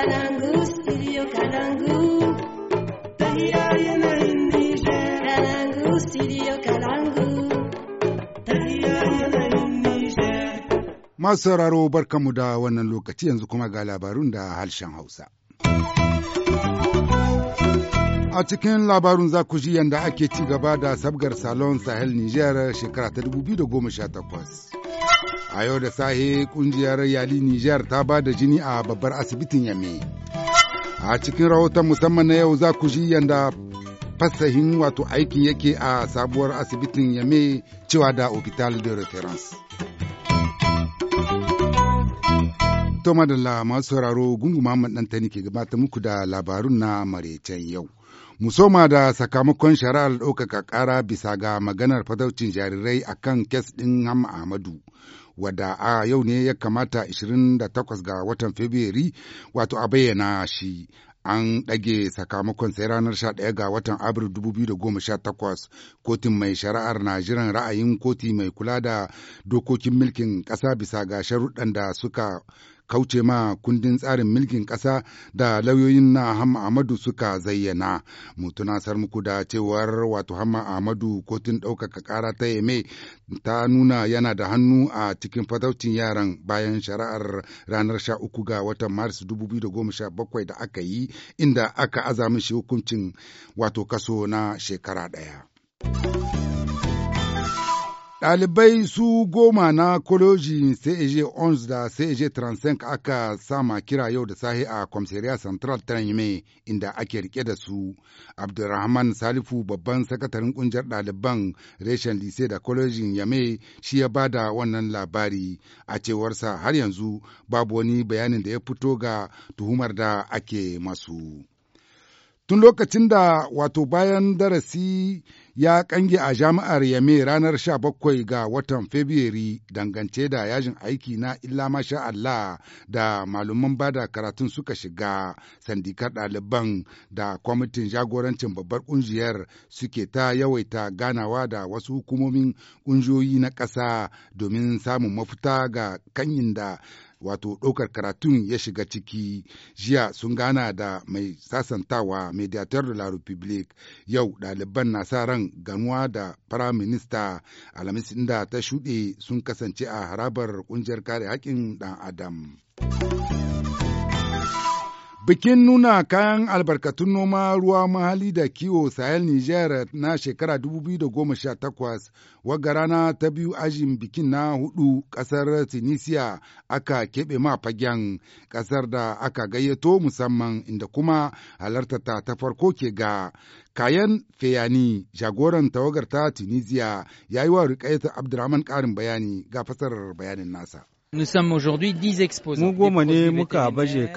Kalangu, studio Kalangu. Masu sauraro barkanmu da wannan lokaci yanzu kuma ga labarun da harshen Hausa. A cikin labarun za ku ji yadda ake ci gaba da sabgar Salon Sahel Nijar shekara ta 2018. A yau da sahe kungiyar Yali Nijar ta ba da jini a babbar asibitin Yame. A cikin rahoton musamman na yau za ku ji yanda fasahin wato aikin yake a sabuwar asibitin Yame cewa da Hospital de Reference. To masu sauraro gungu Muhammad Dantani ke gabata muku da labarun na maraicen yau. Musoma da sakamakon shari'ar ɗaukaka ƙara bisa ga maganar fadaucin jarirai a kan kes ɗin Hamma Ahmadu. Wadda a yau ne ya kamata 28 ga watan Fabrairu wato a bayyana shi an ɗage sakamakon sai ranar 11 ga watan abril 2018 kotun mai shari'ar na jiran ra'ayin koti mai kula da dokokin mulkin ƙasa bisa ga sharuɗan da suka kauce ma kundin tsarin milkin ƙasa da lauyoyin na Hamma Ahmadu suka zayyana. Mu tunasar muku da cewar wato Hamma Ahmadu kotun ɗaukaka kara ta Yeme ta nuna yana da hannu a cikin fataucin yaran bayan shari'ar ranar sha uku ga watan Maris 2017 da aka yi inda aka aza shi hukuncin wato kaso na shekara ɗaya. Ɗalibai su goma na Koloji CAG e 11 da CAG e 35 aka sama kira yau da sahi a Kwamsariya Central ta inda ake rike da su. Abdulrahman Salifu babban sakataren ƙungiyar ɗaliban reshen lise da Kolojin Yame shi ya ba da wannan labari a cewarsa har yanzu babu wani bayanin da ya fito ga tuhumar da ake masu. Tun lokacin da wato bayan darasi ya kange a jami'ar Yame ranar 17 ga watan Fabrairu dangance da yajin aiki na illa masha Allah da malaman bada karatun suka shiga sandikar ɗaliban da kwamitin jagorancin babbar ƙungiyar suke ta yawaita ganawa da wasu hukumomin ƙungiyoyi na ƙasa domin samun mafuta ga kanyin da wato ɗaukar karatun ya shiga ciki jiya sun gana da mai sasantawa mediator de la republique yau ɗaliban na sa ran ganuwa da prime alhamis inda ta shuɗe sun kasance a harabar ƙungiyar kare haƙƙin ɗan adam. Bikin nuna kayan albarkatun noma ruwa mahali da kiwo Sahel Niger na shekara 2018 wagga rana ta biyu ajin bikin na hudu kasar Tunisia aka keɓe ma fagen kasar da aka gayyato musamman inda kuma halartata ta farko ke ga kayan fayani, jagoran tawagar ta Tunisia ya yi wa Rikaita Abdurrahman ƙarin bayani ga fasarar bayanin nasa. Mu goma ne muka baje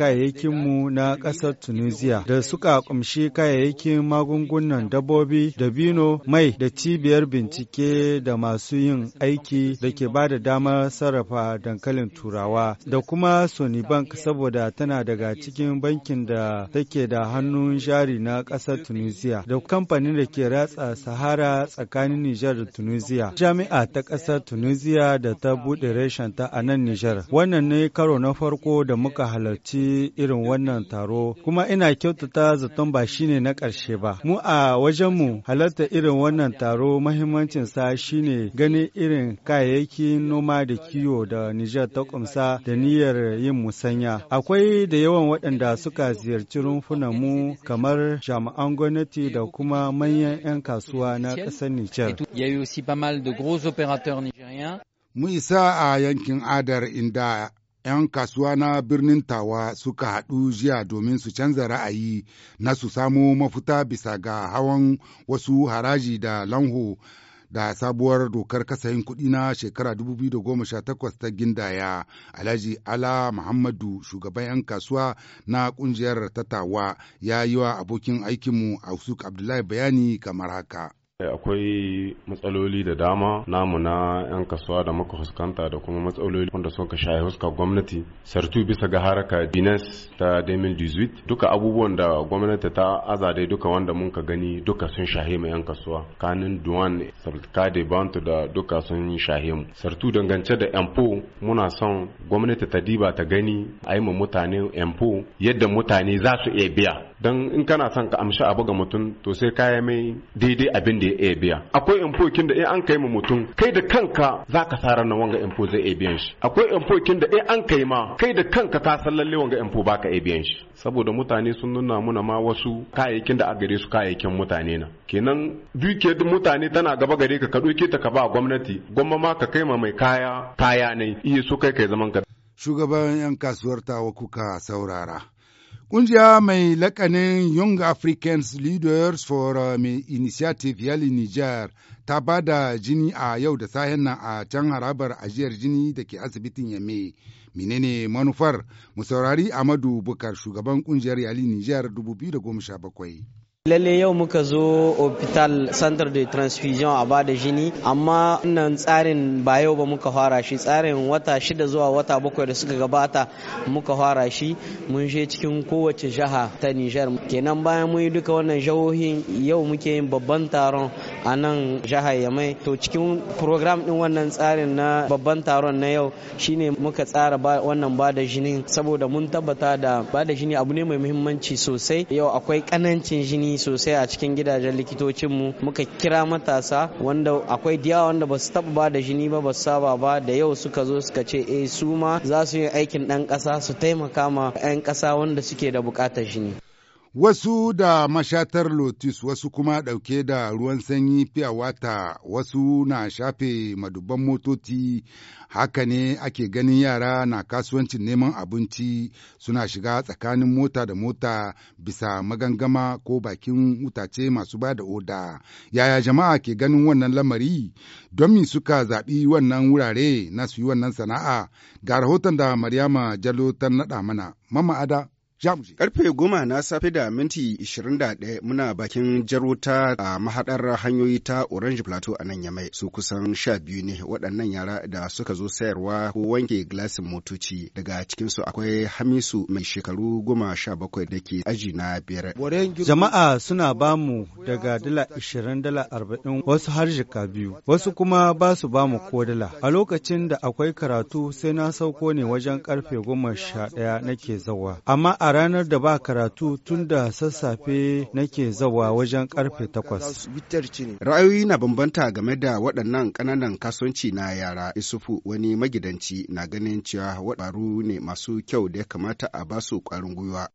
mu na ƙasar Tunisia da suka kumshi kayayyakin magungunan dabbobi da bino mai da cibiyar bincike da masu yin aiki da ke ba da damar sarrafa dankalin turawa da kuma Sony Bank saboda tana daga cikin bankin da take da hannun jari na ƙasar Tunisia da kamfanin da ke ratsa Sahara tsakanin Nijar da Tunisia. Jami'a ta ƙasar Tunisia da ta buɗe reshen ta a nan Nijar. Wannan ne karo na farko da muka halarci irin wannan taro, kuma ina kyautata zaton ba shi ne na ƙarshe ba. Mu a wajenmu halarta irin wannan taro mahimmancin shi shine gani irin kayayyakin noma da kiwo da Nijar ta ƙumsa da niyyar yin musanya. Akwai da yawan waɗanda suka ziyarci rumfunan mu kamar jami'an gwamnati da kuma manyan 'yan kasuwa na ƙasar Nijar. Il de gros opérateurs nigériens. Mu isa a yankin Adar inda 'yan kasuwa na birnin Tawa suka haɗu jiya domin su canza ra'ayi na su samo mafuta bisa ga hawan wasu haraji da lanho da sabuwar dokar kasayin kuɗi na shekara 2018 ta gindaya alhaji ala muhammadu shugaban 'yan kasuwa na ƙungiyar Tawa, ya yi wa abokin aikinmu a abdullahi bayani kamar haka Eh, akwai matsaloli da dama namu na 'yan kasuwa da muka fuskanta da kuma matsaloli wanda suka ka shaye huska gwamnati sartu bisa ga haraka dines ta 2018 duka abubuwan da gwamnati ta azade duka wanda mun ka gani duka sun shahe mu 'yan kasuwa kanin duwan sarkade bantu da duka sun shahe mu sartu dangance da empo muna son gwamnati ta diba ta gani a yi mutane empo yadda mutane za su iya biya don in kana son ka amshi abu ga mutum to sai kaya mai daidai abin da ya iya biya akwai da in an kai ma mutum kai da kanka za ka sa ranar wanga info zai iya biyan shi akwai infokin da in an kai ma kai da kanka ka san lalle wanga info ba ka iya biyan shi saboda mutane sun nuna muna ma wasu kayayyakin da a gare su kayayyakin mutane na kenan dukiyar mutane tana gaba gare ka ka ɗauke ta ka ba gwamnati gwamma ma ka kai ma mai kaya kaya ne iya so kai kai zaman ka shugaban 'yan kasuwar tawa kuka saurara Ƙungiya mai lakanin Young Africans Leaders for uh, Initiative Yali Niger ta ba da jini a yau da sahen nan a can harabar ajiyar jini da ke asibitin Yame. Menene manufar? Musaurari Amadu Bukar shugaban ƙungiyar Yali Niger 2017. lalle yau muka zo hospital center de transfusion a bada jini amma wannan tsarin ba yau ba muka fara shi tsarin wata shida zuwa wata bakwai da suka gabata muka fara shi mun je cikin kowace jiha ta nijar kenan bayan mun yi duka wannan jihohin yau muke yin babban taron a nan jihar yamai to cikin program din wannan tsarin na babban taron na yau shine muka tsara wannan bada jini saboda mun tabbata da bada jini abu ne mai muhimmanci sosai yau akwai kanancin jini sosai a cikin gidajen likitocinmu muka kira matasa wanda akwai diya wanda ba su taba ba da jini ba ba su saba ba da yau suka zo suka ce eh su ma za su yi aikin ɗan ƙasa su taimaka ma 'yan ƙasa wanda suke da buƙatar jini. wasu da mashatar lotus wasu kuma ɗauke da ruwan sanyi fiya wata wasu na shafe madubban motoci haka ne ake ganin yara na kasuwancin neman abinci suna shiga tsakanin mota da mota bisa magangama ko bakin wutace masu ba da oda yaya jama'a ke ganin wannan lamari don mi suka zaɓi wannan wurare na su yi wannan sana'a ga rahoton da maryama jalo ta naɗa mana mama ada Jamuji. Karfe goma na safe da minti 21 muna bakin jarota a mahaɗar hanyoyi ta Orange Plateau a nan Yamai su kusan sha biyu ne waɗannan yara da suka zo sayarwa ko wanke gilasin motoci daga cikinsu akwai Hamisu mai shekaru goma sha bakwai da ke aji na biyar. Jama'a suna bamu daga dala 20 dala arba'in wasu har jika biyu wasu kuma ba su bamu ko dala a lokacin da akwai karatu sai na sauko ne wajen karfe goma sha ɗaya nake zawa amma a ranar da ba karatu tun da sassafe nake zawa wajen karfe takwas. Ra'ayoyi na bambanta game da waɗannan ƙananan kasuwanci na yara Isufu wani magidanci na ganin cewa waɗaru ne masu kyau da ya kamata a ba su ƙwarin gwiwa.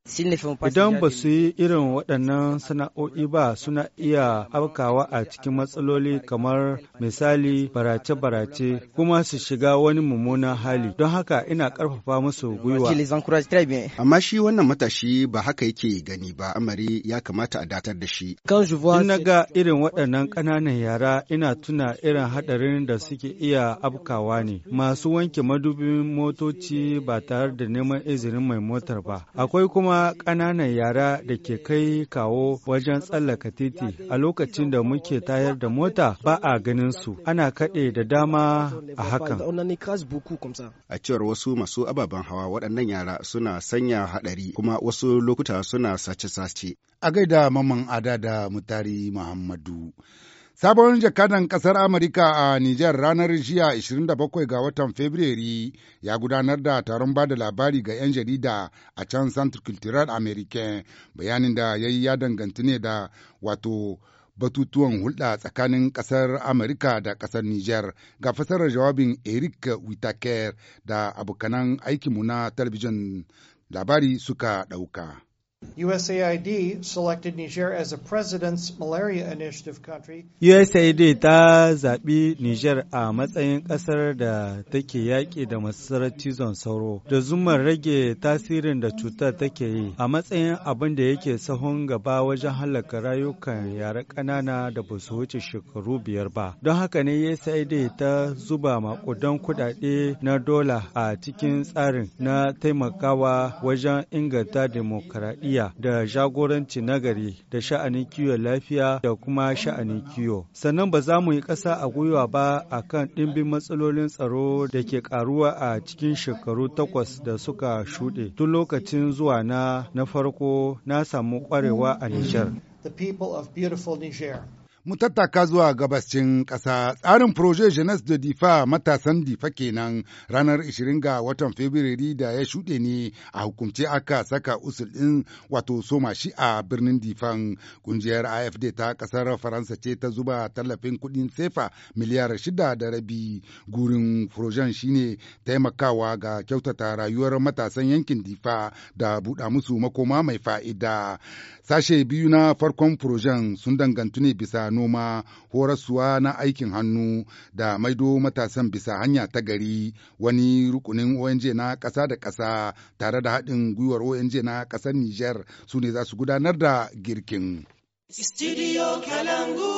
Idan ba su yi irin waɗannan sana'o'i ba suna iya afkawa a cikin matsaloli kamar misali barace-barace kuma su shiga wani mummunan hali don haka ina ƙarfafa musu gwiwa. Amma shi wannan matashi ba haka yake gani ba amari ya kamata a datar da shi. Ina ga irin waɗannan ƙananan yara ina tuna irin haɗarin da suke iya afkawa ne. Masu wanke madubin motoci ba tare da neman izinin mai motar ba. Akwai kuma ƙananan yara da ke kai kawo wajen tsallaka titi a lokacin da muke tayar da mota ba a ganin su. Ana kaɗe da dama a hakan. A cewar wasu masu ababen hawa waɗannan yara suna sanya haɗari kuma wasu lokuta suna sace-sace. A gaida maman ada da mutari Muhammadu. Sabon jakadan kasar Amurka a Nijar ranar jiya 27 ga watan Fabrairu ya gudanar da taron bada labari ga 'yan jarida a can Centre Cultural America bayanin da ya yi ya danganci ne da wato batutuwan hulɗa tsakanin ƙasar Amurka da ƙasar Nijar ga fasarar jawabin Eric Whitaker da abokanan aikinmu na talabijin labari suka ɗauka. USAID selected Niger as a president's malaria initiative country. USAID ta zaɓi Niger a matsayin ƙasar da take yaƙi da masarar cizon sauro da zumar rage tasirin da cutar take yi a matsayin abin da yake sahun gaba wajen halaka rayukan yara ƙanana da ba su wuce shekaru biyar ba. Don haka ne USAID ta zuba maƙudan kuɗaɗe na dola a cikin tsarin na taimakawa wajen inganta demokaradiyya. iya da jagoranci nagari da sha'anin kiwon lafiya da kuma sha'anin kiwo. Sannan ba za mu yi ƙasa a gwiwa ba a kan ɗimbin matsalolin tsaro da ke ƙaruwa a cikin shekaru takwas da suka shuɗe. Tun lokacin zuwa na farko na samu kwarewa a Nijar. Niger. mu tattaka zuwa gabascin kasa tsarin proje jeunesse de difa matasan difa kenan ranar 20 ga watan fabrairu da ya shuɗe ne a hukumce aka saka usul ɗin wato soma shi a birnin difan ƙungiyar afd ta ƙasar faransa ce ta zuba tallafin kuɗin sefa miliyar shida da rabi gurin projen shine taimakawa ga kyautata rayuwar matasan yankin difa da buɗa musu makoma mai fa'ida sashe biyu na farkon projen sun dangantu ne bisa noma horaswa na aikin hannu da maido matasan bisa hanya ta gari wani rukunin ong na ƙasa da ƙasa tare da haɗin gwiwar ong na ƙasar niger su ne za su gudanar da girkin. Studio Kalangu.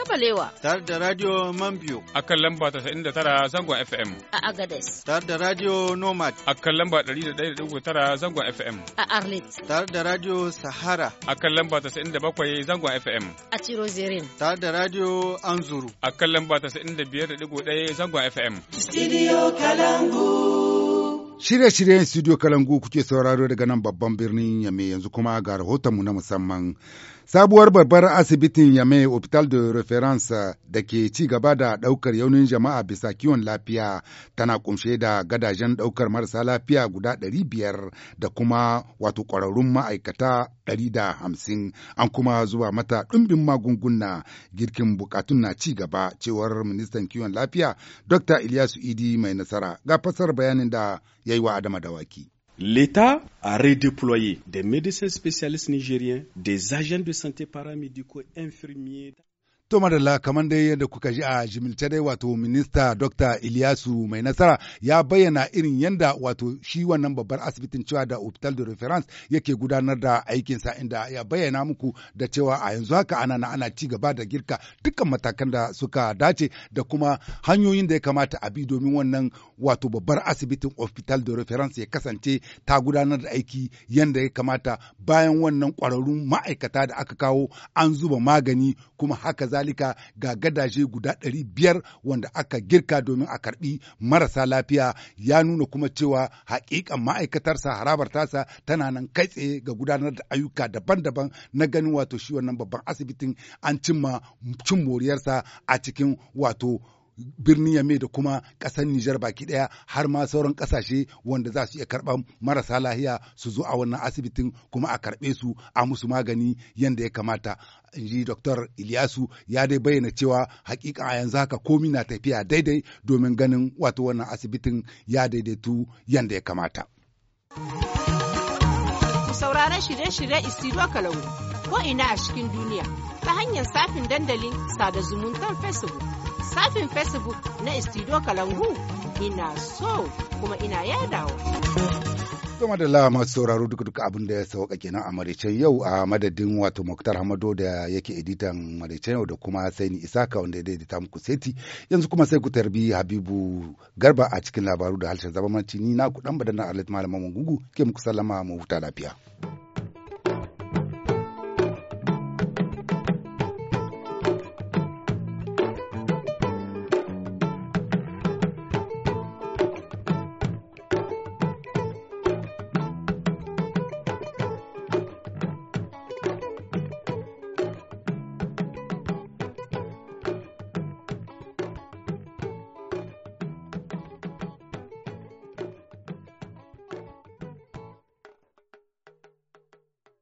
Kabalewa. Tare da Radio Mambio. A kan lamba tara zangon FM. A Agades. Tare da Radio Nomad. A kan lamba tara zangon FM. A Arlit. Tare da Radio Sahara. A kan lamba bakwai zangon FM. A zirin. Tare da Radio Anzuru. A kan lamba biyar 95.1 zangon FM. Studio Kalangu. Shirye-shiryen studio Kalangu kuke sauraro daga nan babban birnin Yame yanzu kuma ga rahotonmu na musamman. Sabuwar babbar asibitin Yame Hospital de Reference da ke ci gaba da ɗaukar yaunin jama'a bisa kiwon lafiya tana kumshe da gadajen ɗaukar marasa lafiya guda ɗari biyar da kuma wato ƙwararrun ma'aikata da hamsin an kuma zuba mata ɗumbin magunguna girkin bukatun na ci gaba cewar ministan kiwon lafiya dr ilyasu idi mai nasara ga fasar bayanin da ya yi wa adama dawaki L'État a redéployé des médecins spécialistes nigériens, des agents de santé paramédicaux, infirmiers. To madalla kamar dai yadda kuka ji a jimilce dai wato minista Dr. iliyasu mai nasara ya bayyana irin yadda wato shi wannan babbar asibitin cewa da Hospital de Reference yake gudanar da aikinsa inda ya bayyana muku da cewa a yanzu haka ana na ana ci gaba da girka dukkan matakan da suka dace da kuma hanyoyin da ya kamata a bi domin wannan wato babbar asibitin Hospital de Reference ya kasance ta gudanar da aiki yadda ya kamata bayan wannan kwararrun ma'aikata da aka kawo an zuba magani kuma haka za zalika ga gadaje guda ɗari biyar wanda aka girka domin a karɓi marasa lafiya ya nuna kuma cewa maaikatar ma'aikatarsa harabar tasa tana nan kai tsaye ga gudanar da ayyuka daban-daban na ganin wato shi wannan babban asibitin an cimma cin moriyarsa a cikin wato birnin Yame da kuma ƙasar Nijar baki ɗaya har ma sauran ƙasashe wanda za su iya karɓar marasa lahiya su zo a wannan asibitin kuma a karɓe su a musu magani yadda ya kamata. in ji Dr. Ilyasu ya dai bayyana cewa hakika a yanzu haka komi na tafiya daidai domin ganin wato wannan asibitin ya daidaitu yadda ya kamata. Sauraron shirye-shirye Isidro ko ina a cikin duniya ta hanyar safin dandalin sada zumuntar Facebook. shafin facebook na istido kalangu ina so kuma ina yadawa. Kuma da lama sauraro duka duka abin da ya sauka kenan a Maricen yau a madadin wato Muktar Hamado da yake editan Maricen yau da kuma Saini Isaka wanda ya daidaita muku seti yanzu kuma sai ku tarbi Habibu Garba a cikin labaru da harshen zamanci ni na ku dan badan na Alit Malaman ke muku sallama mu huta lafiya.